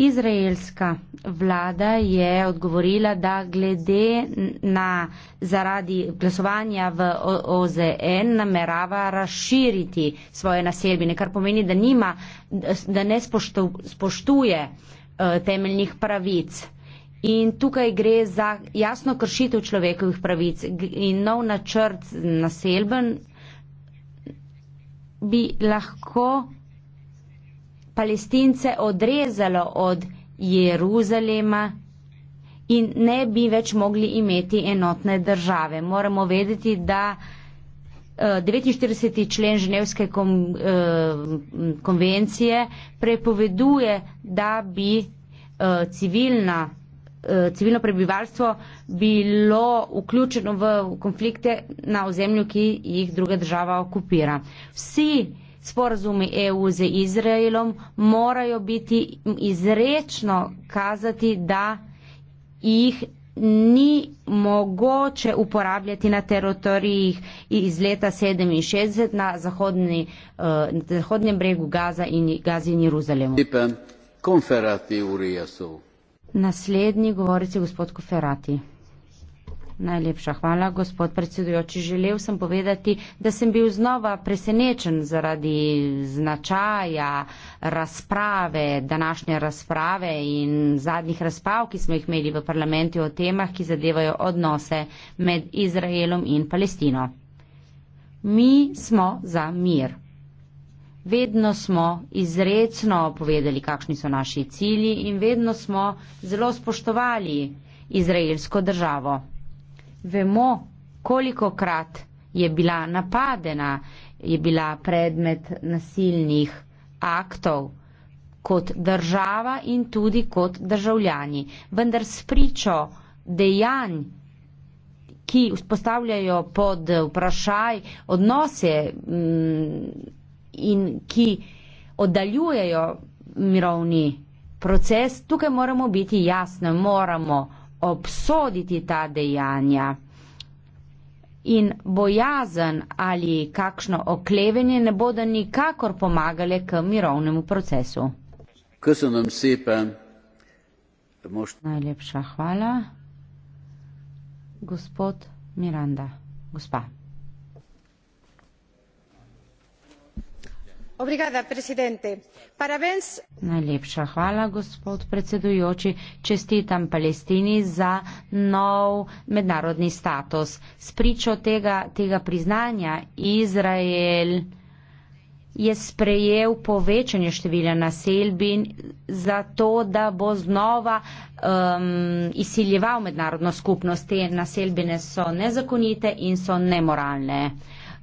Izraelska vlada je odgovorila, da glede na zaradi glasovanja v OZN namerava razširiti svoje naselbine, kar pomeni, da, nima, da ne spoštu, spoštuje eh, temeljnih pravic. In tukaj gre za jasno kršitev človekovih pravic in nov načrt naselben bi lahko Palestince odrezalo od Jeruzalema in ne bi več mogli imeti enotne države. Moramo vedeti, da 49. Eh, člen Ženevske eh, konvencije prepoveduje, da bi eh, civilna, civilno prebivalstvo bilo vključeno v konflikte na ozemlju, ki jih druga država okupira. Vsi sporazumi EU z Izraelom morajo biti izrečno kazati, da jih ni mogoče uporabljati na teritorijih iz leta 67 na zahodni, uh, zahodnem bregu Gaza in Gazi in Jeruzalemu. Naslednji govorici gospod Koferati. Najlepša hvala, gospod predsedujoči. Želel sem povedati, da sem bil znova presenečen zaradi značaja razprave, današnje razprave in zadnjih razprav, ki smo jih imeli v parlamentu o temah, ki zadevajo odnose med Izraelom in Palestino. Mi smo za mir. Vedno smo izredno povedali, kakšni so naši cilji in vedno smo zelo spoštovali izraelsko državo vemo, koliko krat je bila napadena, je bila predmet nasilnih aktov kot država in tudi kot državljani. Vendar spričo dejanj, ki vzpostavljajo pod vprašaj odnose mm, in ki oddaljujejo mirovni proces, tukaj moramo biti jasni, moramo obsoditi ta dejanja. In bojazen ali kakšno oklevenje ne bodo nikakor pomagale k mirovnemu procesu. Najlepša hvala. Gospod Miranda, gospa. Najlepša hvala, gospod predsedujoči. Čestitam Palestini za nov mednarodni status. Spričo tega, tega priznanja Izrael je sprejel povečanje števila naselbin za to, da bo znova um, izsiljeval mednarodno skupnost. Te naselbine so nezakonite in so nemoralne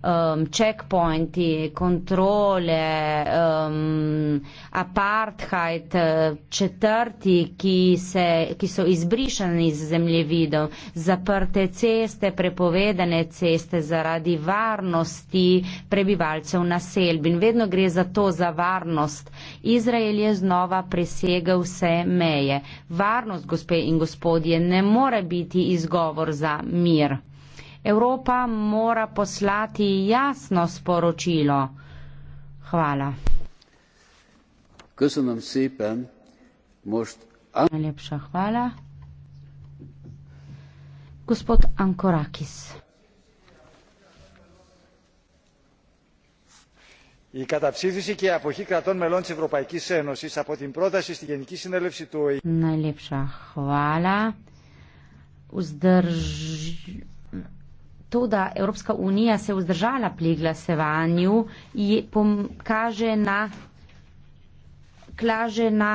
um, checkpointi, kontrole, um, apartheid, uh, četrti, ki, se, ki so izbrišeni iz zemljevidov, zaprte ceste, prepovedane ceste zaradi varnosti prebivalcev naselbi. In vedno gre za to, za varnost. Izrael je znova presegal vse meje. Varnost, gospe in gospodje, ne more biti izgovor za mir. Evropa mora poslati jasno sporočilo. Hvala. Köszönöm szépen. Most Najlepša hvala. Gospod Ankorakis. Η καταψήφιση και η αποχή κρατών μελών της Ευρωπαϊκής Ένωσης από την πρόταση στη Γενική Συνέλευση του ΟΗΕ. Najlepša hvala. Uzdrž to, da Evropska unija se je vzdržala pri glasovanju, kaže na, klaže na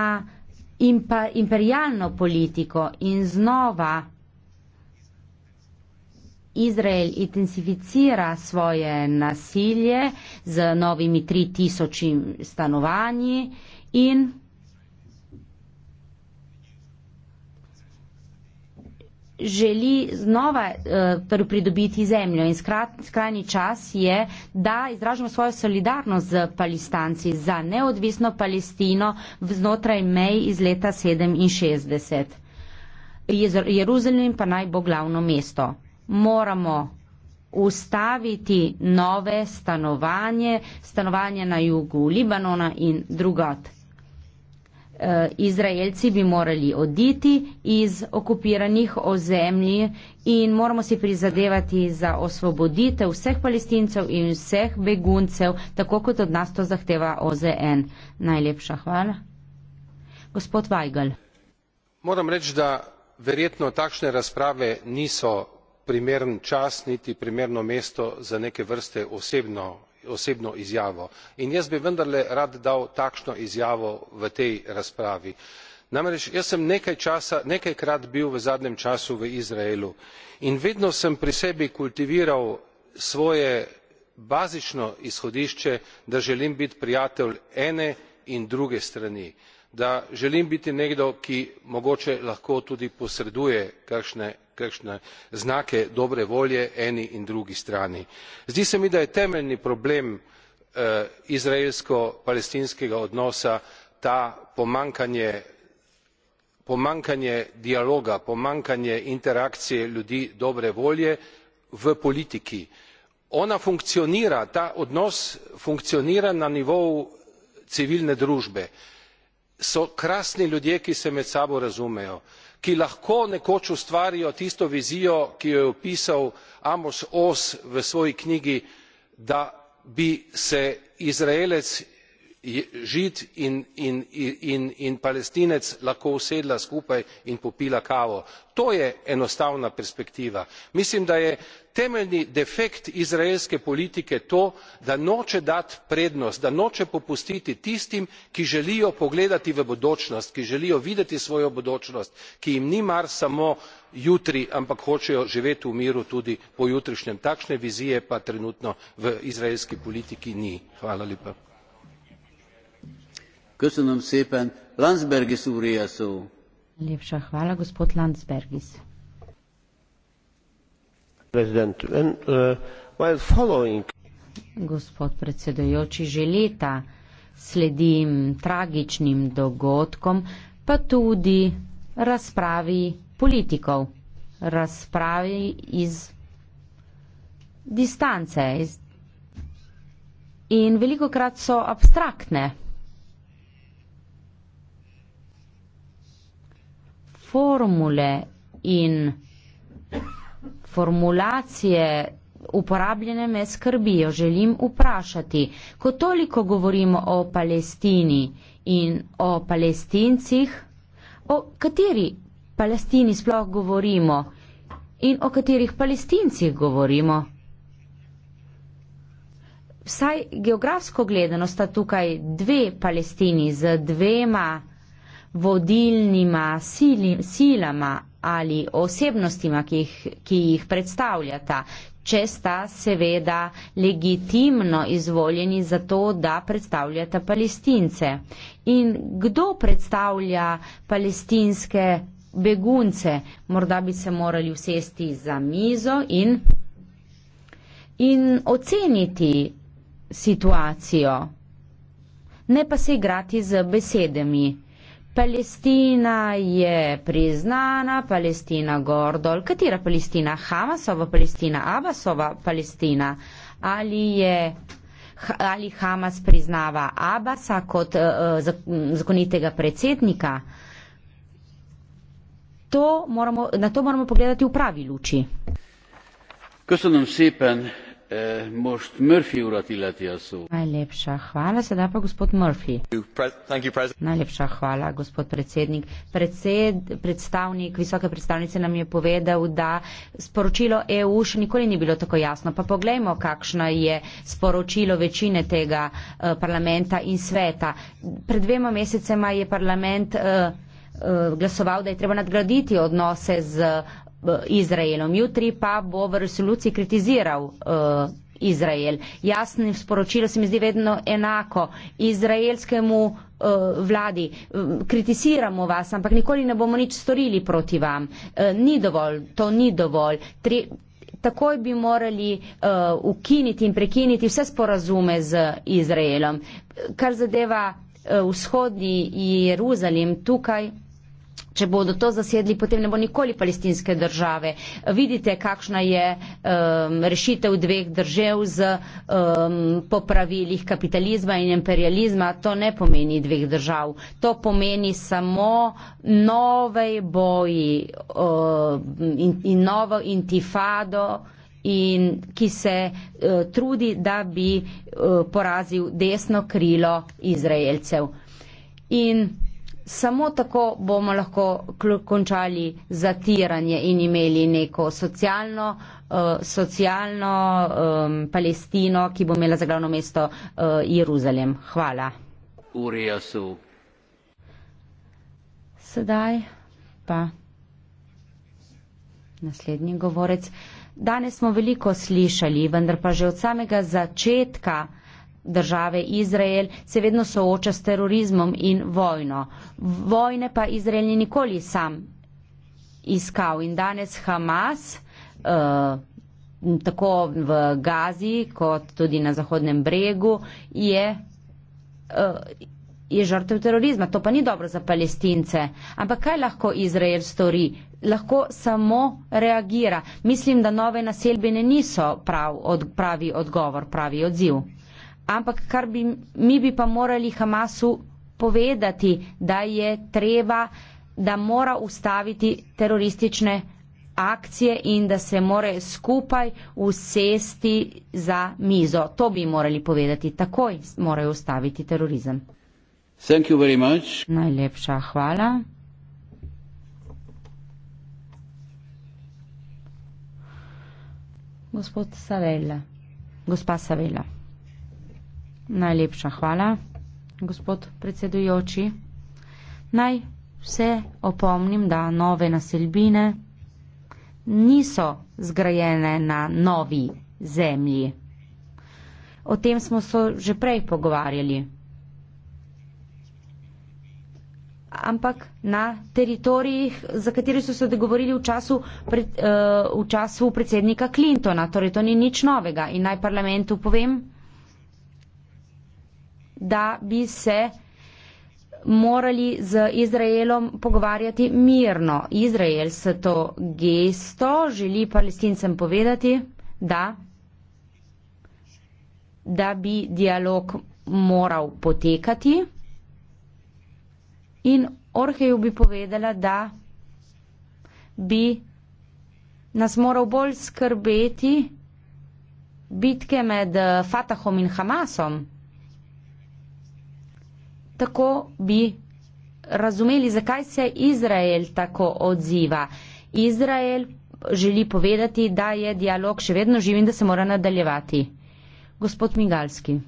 impa, imperialno politiko in znova Izrael intensificira svoje nasilje z novimi 3000 stanovanji in želi znova uh, pridobiti zemljo in skrat, skrajni čas je, da izražamo svojo solidarnost z palestanci za neodvisno Palestino znotraj mej iz leta 67. Jeruzalem pa naj bo glavno mesto. Moramo ustaviti nove stanovanje, stanovanje na jugu Libanona in drugot. Eh, Izraelci bi morali oditi iz okupiranih ozemlji in moramo si prizadevati za osvoboditev vseh palestincev in vseh beguncev, tako kot od nas to zahteva OZN. Najlepša hvala. Gospod Weigel. Moram reči, da verjetno takšne razprave niso primern čas niti primerno mesto za neke vrste osebno osebno izjavo in jaz bi vendarle rad dal takšno izjavo v tej razpravi namreč jaz sem nekajkrat bil v zadnjem času v izraelu in vedno sem pri sebi kultiviral svoje bazično izhodišče da želim biti prijatelj ene in druge strani da želim biti nekdo ki mogoče lahko tudi posreduje kakšne znake dobre volje eni in drugi strani. zdi se mi da je temeljni problem eh, izraelsko palestinskega odnosa to pomanjkanje dialoga pomanjkanje interakcije ljudi dobre volje v politiki. ona funkcionira ta odnos funkcionira na nivoju civilne družbe so krasni ljudje ki se med sabo razumejo ki lahko nekoč ustvarijo tisto vizijo ki jo je opisal amos oz v svoji knjigi da bi se izraelec žid in palestinec lahko usedla skupaj in popila kavo. to je enostavna perspektiva. mislim da je temeljni defekt izraelske politike to da noče dati prednost da noče popustiti tistim ki želijo pogledati v bodočnost ki želijo videti svojo bodočnost ki jim ni mar samo jutri ampak hočejo živeti v miru tudi pojutrišnjem. takšne vizije pa trenutno v izraelski politiki ni. Köszönöm szépen. Landsbergis úré a szó. Lépse hvala, gospod Landsbergis. Prezident, ön, uh, following. Gospod predsedujoči, že leta sledim tragičnim dogodkom, pa tudi razpravi politikov, razpravi iz distance. Iz... In veliko krat so abstraktne formule in formulacije uporabljene me skrbijo. Želim vprašati, ko toliko govorimo o Palestini in o palestincih, o kateri Palestini sploh govorimo in o katerih palestincih govorimo. Vsaj geografsko gledano sta tukaj dve Palestini z dvema vodilnima sili, silama ali osebnostima, ki jih, ki jih predstavljata, če sta seveda legitimno izvoljeni za to, da predstavljata palestince. In kdo predstavlja palestinske begunce? Morda bi se morali usesti za mizo in, in oceniti situacijo, ne pa se igrati z besedami. Palestina je priznana, Palestina Gordol, katera Palestina? Hamasova Palestina, Abasova Palestina ali je ali Hamas priznava Abasa kot uh, zakonitega predsednika? To moramo, na to moramo pogledati v pravi luči. Köszönöm szépen Eh, most Murphy urat illeti a szó. Najlepša hvala, sedaj pa gospod Murphy. Thank you, Najlepša hvala, gospod predsednik. Predsed, predstavnik, visoke predstavnice nam je povedal, da sporočilo EU še nikoli ni bilo tako jasno. Pa pogledajmo, kakšno je sporočilo večine tega uh, parlamenta in sveta. Pred dvema mesecema je parlament. Uh, glasoval, da je treba nadgraditi odnose z uh, Eh, Izraelom. Jutri pa bo v resoluciji kritiziral uh, Izrael. Jasno sporočilo se mi zdi vedno enako. Izraelskemu uh, vladi kritiziramo vas, ampak nikoli ne bomo nič storili proti vam. Uh, ni dovolj, to ni dovolj. Tri, takoj bi morali uh, ukiniti in prekiniti vse sporazume z Izraelom. Kar zadeva uh, vzhodni Jeruzalem, tukaj če bodo to zasedli, potem ne bo nikoli palestinske države. Vidite, kakšna je um, rešitev dveh držav z um, popravilih kapitalizma in imperializma. To ne pomeni dveh držav. To pomeni samo nove boji um, in, in novo intifado in ki se uh, trudi, da bi uh, porazil desno krilo Izraelcev. In samo tako bomo lahko končali zatiranje in imeli neko socialno, uh, socialno um, Palestino, ki bo imela za glavno mesto uh, Jeruzalem. Hvala. Urija su. Sedaj pa naslednji govorec. Danes smo veliko slišali, vendar pa že od samega začetka Države Izrael se vedno sooča s terorizmom in vojno. Vojne pa Izrael ni nikoli sam iskal in danes Hamas, eh, tako v Gazi kot tudi na Zahodnem bregu, je, eh, je žrtev terorizma. To pa ni dobro za palestince. Ampak kaj lahko Izrael stori? Lahko samo reagira. Mislim, da nove naselbine niso prav, pravi odgovor, pravi odziv ampak kar bi mi bi pa morali Hamasu povedati, da je treba, da mora ustaviti teroristične akcije in da se more skupaj usesti za mizo. To bi morali povedati. Takoj morajo ustaviti terorizem. Thank you very much. Najlepša hvala. Gospod Savella. Gospa Savella. Najlepša hvala, gospod predsedujoči. Naj vse opomnim, da nove naselbine niso zgrajene na novi zemlji. O tem smo se že prej pogovarjali. Ampak na teritorijih, za kateri so se dogovorili v času, pred, uh, v času predsednika Clintona, torej to ni nič novega. In naj parlamentu povem, da bi se morali z Izraelom pogovarjati mirno. Izrael s to gesto želi palestincem povedati, da, da bi dialog moral potekati in Orheju bi povedala, da bi nas moral bolj skrbeti bitke med Fatahom in Hamasom tako bi razumeli, zakaj se Izrael tako odziva. Izrael želi povedati, da je dialog še vedno živ in da se mora nadaljevati. Gospod Migalski.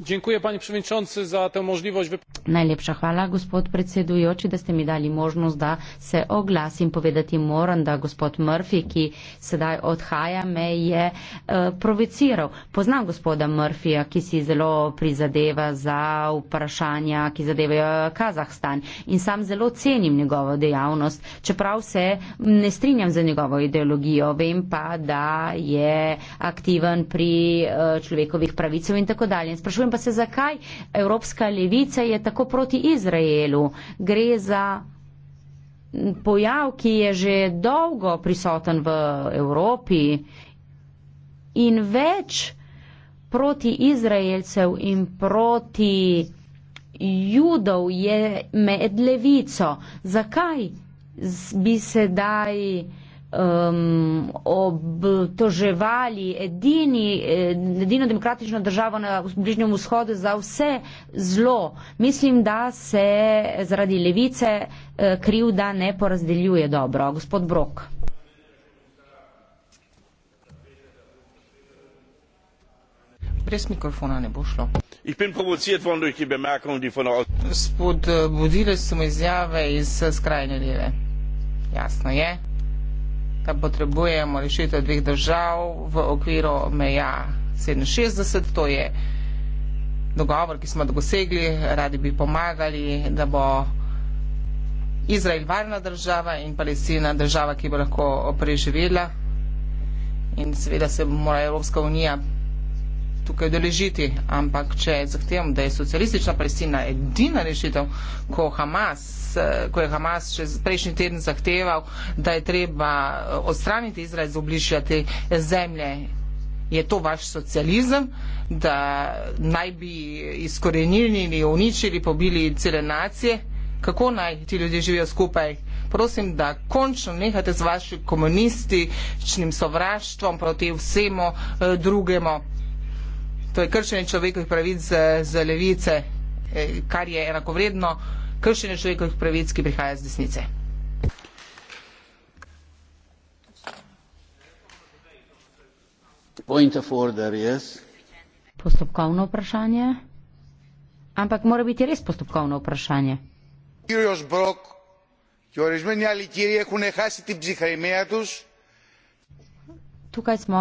Dziękuję panie przewodniczący za tę możliwość. Najlepsza chwała, gospod predsedujoči, da ste mi dali možnost, da se oglasim. Povedati moram, da gospod Murphy, ki sedaj odhaja, me je uh, eh, provociral. Poznam gospoda Murphyja, ki si zelo prizadeva za vprašanja, ki zadevajo Kazahstan in sam zelo cenim njegovo dejavnost, čeprav se ne strinjam za njegovo ideologijo. Vem pa, da je aktiven pri uh, človekovih pravicah in tako dalje. In sprašujem, sprašujem pa se, zakaj Evropska levica je tako proti Izraelu. Gre za pojav, ki je že dolgo prisoten v Evropi in več proti Izraelcev in proti judov je med levico. Zakaj bi sedaj um, obtoževali edini, edino demokratično državo na Bližnjem vzhodu za vse zlo. Mislim, da se zaradi levice eh, krivda ne porazdeljuje dobro. Gospod Brok. Brez mikrofona ne bo šlo. Gospod Budilec, eh, samo izjave iz eh, skrajne leve. Jasno je da potrebujemo rešitev dveh držav v okviru meja 67, to je dogovor, ki smo dosegli, radi bi pomagali, da bo Izrael varna država in Palestina država, ki bo lahko preživela. In seveda se mora Evropska unija tukaj udeležiti. Ampak če zahtevam, da je socialistična Palestina edina rešitev, ko, Hamas, ko je Hamas še prejšnji teden zahteval, da je treba eh, odstraniti Izrael z obliščja te zemlje, je to vaš socializem, da naj bi izkorenili, uničili, pobili cele nacije. Kako naj ti ljudje živijo skupaj? Prosim, da končno nehate z vašim komunističnim sovraštvom proti vsemu eh, drugemu to je kršenje človekovih pravic z, z levice, eh, kar je enakovredno kršenje človekovih pravic, ki prihaja z desnice. Order, yes. Postopkovno vprašanje. Ampak mora biti res postopkovno vprašanje. Tukaj smo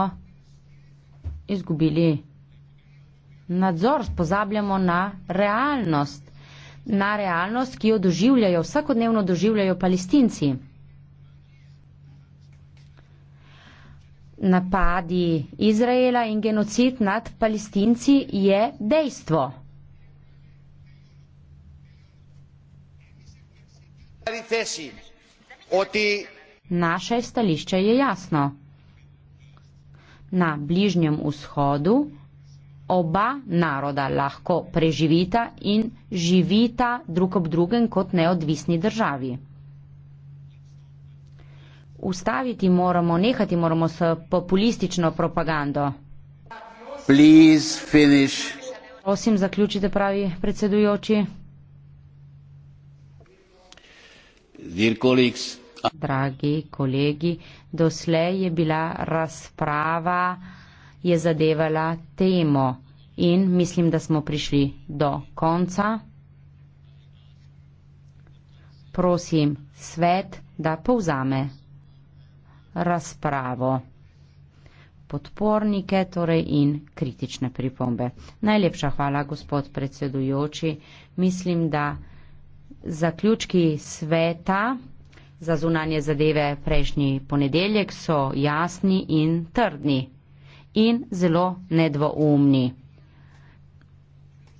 izgubili nadzor, pozabljamo na realnost, na realnost, ki jo doživljajo, vsakodnevno doživljajo palestinci. Napadi Izraela in genocid nad palestinci je dejstvo. Naše stališče je jasno. Na Bližnjem vzhodu oba naroda lahko preživita in živita drug ob drugem kot neodvisni državi. Ustaviti moramo, nehati moramo s populistično propagando. Prosim, zaključite, pravi predsedujoči. Dragi kolegi, doslej je bila razprava je zadevala temo in mislim, da smo prišli do konca. Prosim svet, da povzame razpravo podpornike torej in kritične pripombe. Najlepša hvala, gospod predsedujoči. Mislim, da zaključki sveta za zunanje zadeve prejšnji ponedeljek so jasni in trdni in zelo nedvoumni.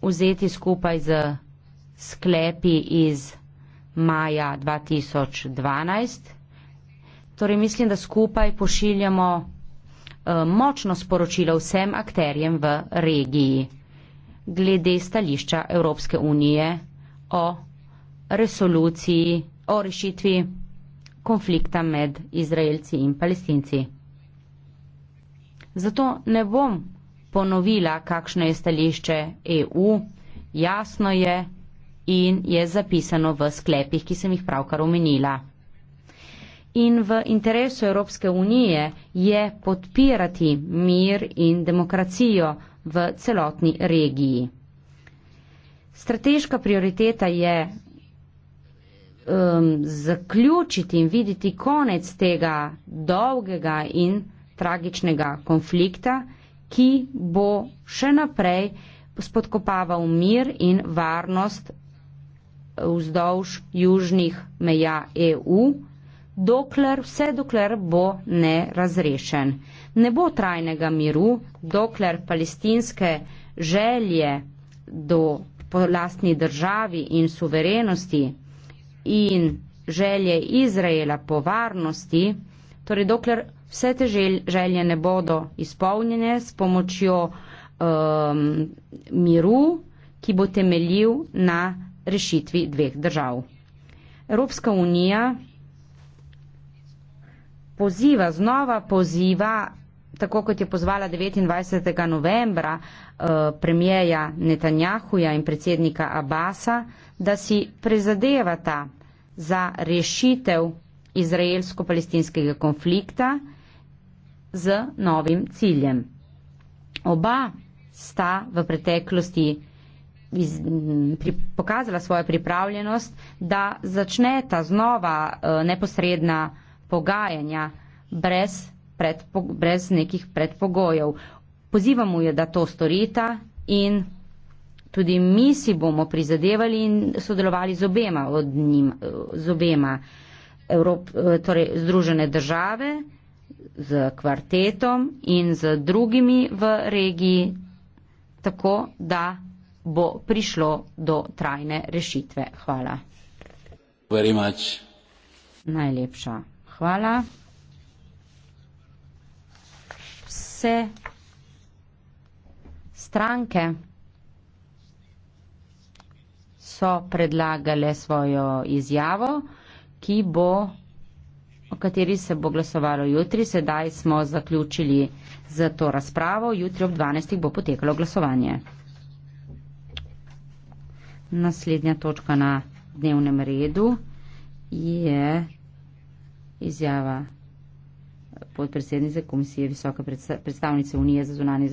Vzeti skupaj z sklepi iz maja 2012. Torej mislim, da skupaj pošiljamo eh, močno sporočilo vsem akterjem v regiji glede stališča Evropske unije o resoluciji o rešitvi konflikta med Izraelci in Palestinci. Zato ne bom ponovila, kakšno je stališče EU, jasno je in je zapisano v sklepih, ki sem jih pravkar omenila. In v interesu Evropske unije je podpirati mir in demokracijo v celotni regiji. Strateška prioriteta je um, zaključiti in videti konec tega dolgega in tragičnega konflikta, ki bo še naprej spodkopaval mir in varnost vzdolž južnih meja EU, dokler, vse dokler bo ne razrešen. Ne bo trajnega miru, dokler palestinske želje do lastni državi in suverenosti in želje Izraela po varnosti Torej, dokler vse te želje ne bodo izpolnjene s pomočjo um, miru, ki bo temeljil na rešitvi dveh držav. Evropska unija poziva, znova poziva, tako kot je pozvala 29. novembra eh, uh, premijeja Netanjahuja in predsednika Abasa, da si prizadevata za rešitev izraelsko-palestinskega konflikta z novim ciljem. Oba sta v preteklosti iz, pri, pokazala svojo pripravljenost, da začne ta znova uh, neposredna pogajanja brez, predpo, brez nekih predpogojev. Pozivamo jo, da to storita in tudi mi si bomo prizadevali in sodelovali z obema od njim, e, z obema uh, Evrop, eh, torej, Združene države z kvartetom in z drugimi v regiji, tako da bo prišlo do trajne rešitve. Hvala. Najlepša hvala. Vse stranke so predlagale svojo izjavo ki bo, o kateri se bo glasovalo jutri. Sedaj smo zaključili z to razpravo. Jutri ob 12. bo potekalo glasovanje. Naslednja točka na dnevnem redu je izjava podpredsednice Komisije visoke predstavnice Unije za zunanje.